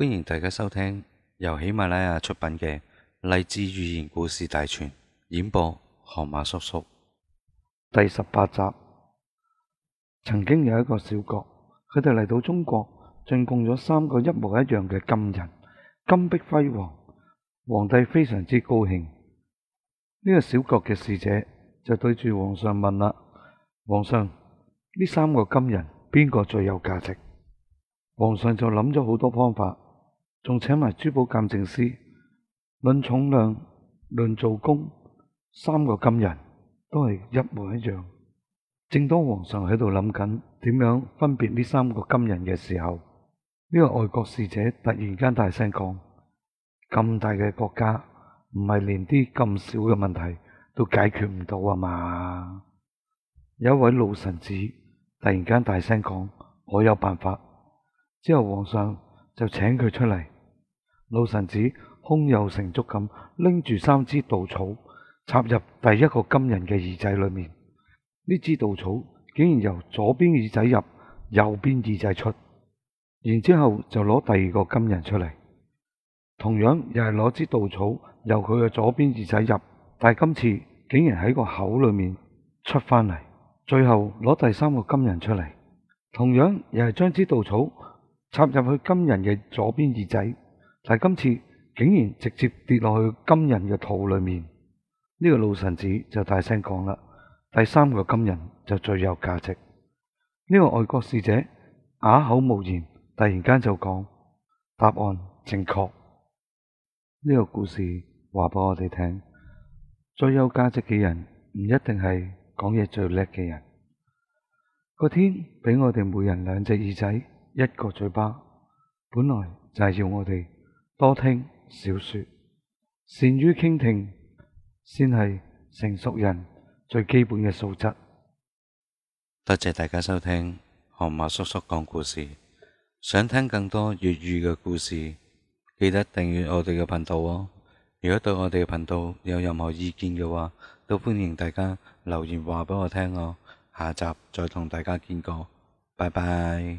歡迎大家收聽由喜馬拉雅出品嘅《勵志寓言故事大全》，演播河馬叔叔。第十八集，曾經有一個小國，佢哋嚟到中國進貢咗三個一模一樣嘅金人，金碧輝煌。皇帝非常之高興。呢個小國嘅使者就對住皇上問啦：皇上，呢三個金人邊個最有價值？皇上就諗咗好多方法。仲請埋珠寶鑑定師，論重量、論做工，三個金人都係一模一樣。正當皇上喺度諗緊點樣分別呢三個金人嘅時候，呢個外國使者突然間大聲講：咁大嘅國家，唔係連啲咁小嘅問題都解決唔到啊嘛！有一位老臣子突然間大聲講：我有辦法。之後皇上。就請佢出嚟，老臣子胸有成竹咁拎住三支稻草插入第一個金人嘅耳仔裏面，呢支稻草竟然由左邊耳仔入，右邊耳仔出，然之後就攞第二個金人出嚟，同樣又係攞支稻草由佢嘅左邊耳仔入，但係今次竟然喺個口裏面出翻嚟，最後攞第三個金人出嚟，同樣又係將支稻草。插入去金人嘅左邊耳仔，但係今次竟然直接跌落去金人嘅肚裏面。呢、這個老臣子就大聲講啦：第三個金人就最有價值。呢、這個外國使者啞、呃、口無言，突然間就講答案正確。呢、這個故事話俾我哋聽：最有價值嘅人唔一定係講嘢最叻嘅人。個天俾我哋每人兩隻耳仔。一個嘴巴本來就係要我哋多聽少說，善於傾聽先係成熟人最基本嘅素質。多謝大家收聽河馬叔叔講故事。想聽更多粵語嘅故事，記得訂閱我哋嘅頻道哦。如果對我哋嘅頻道有任何意見嘅話，都歡迎大家留言話俾我聽哦。下集再同大家見過，拜拜。